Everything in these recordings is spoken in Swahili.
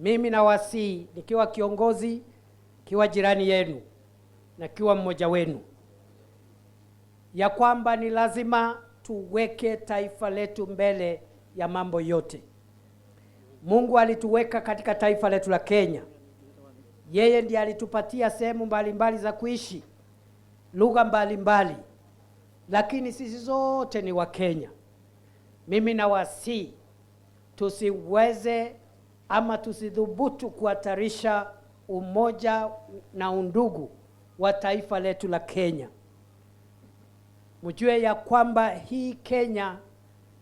Mimi nawasihi nikiwa kiongozi, kiwa jirani yenu na kiwa mmoja wenu, ya kwamba ni lazima tuweke taifa letu mbele ya mambo yote. Mungu alituweka katika taifa letu la Kenya. Yeye ndiye alitupatia sehemu mbalimbali za kuishi, lugha mbalimbali, lakini sisi zote ni Wakenya. Mimi nawasihi tusiweze ama tusidhubutu kuhatarisha umoja na undugu wa taifa letu la Kenya. Mjue ya kwamba hii Kenya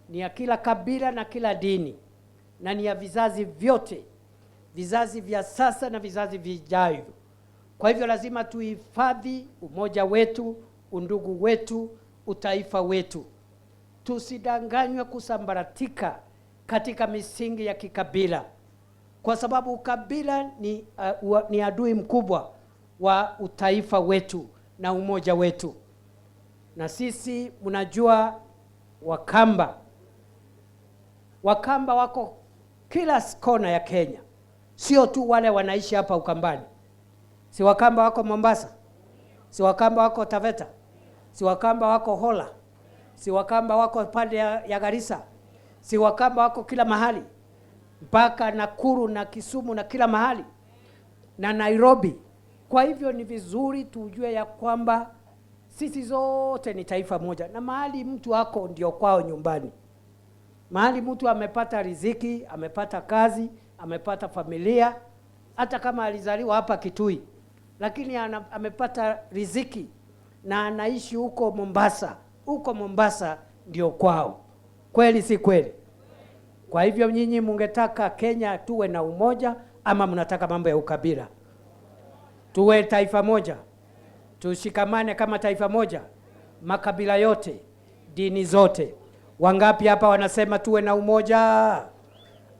ni ya kila kabila na kila dini na ni ya vizazi vyote, vizazi vya sasa na vizazi vijavyo. Kwa hivyo lazima tuhifadhi umoja wetu, undugu wetu, utaifa wetu. Tusidanganywe kusambaratika katika misingi ya kikabila kwa sababu ukabila ni, uh, wa, ni adui mkubwa wa utaifa wetu na umoja wetu. Na sisi mnajua, Wakamba Wakamba wako kila kona ya Kenya, sio tu wale wanaishi hapa Ukambani. Si Wakamba wako Mombasa, si Wakamba wako Taveta, si Wakamba wako Hola, si Wakamba wako pande ya, ya Garissa, si Wakamba wako kila mahali mpaka Nakuru na Kisumu na kila mahali na Nairobi. Kwa hivyo ni vizuri tujue ya kwamba sisi zote ni taifa moja, na mahali mtu ako ndio kwao nyumbani. Mahali mtu amepata riziki, amepata kazi, amepata familia, hata kama alizaliwa hapa Kitui, lakini ana, amepata riziki na anaishi huko Mombasa. Huko Mombasa ndio kwao, kweli si kweli? Kwa hivyo nyinyi mungetaka Kenya tuwe na umoja ama mnataka mambo ya ukabila? Tuwe taifa moja, tushikamane kama taifa moja, makabila yote, dini zote. Wangapi hapa wanasema tuwe na umoja?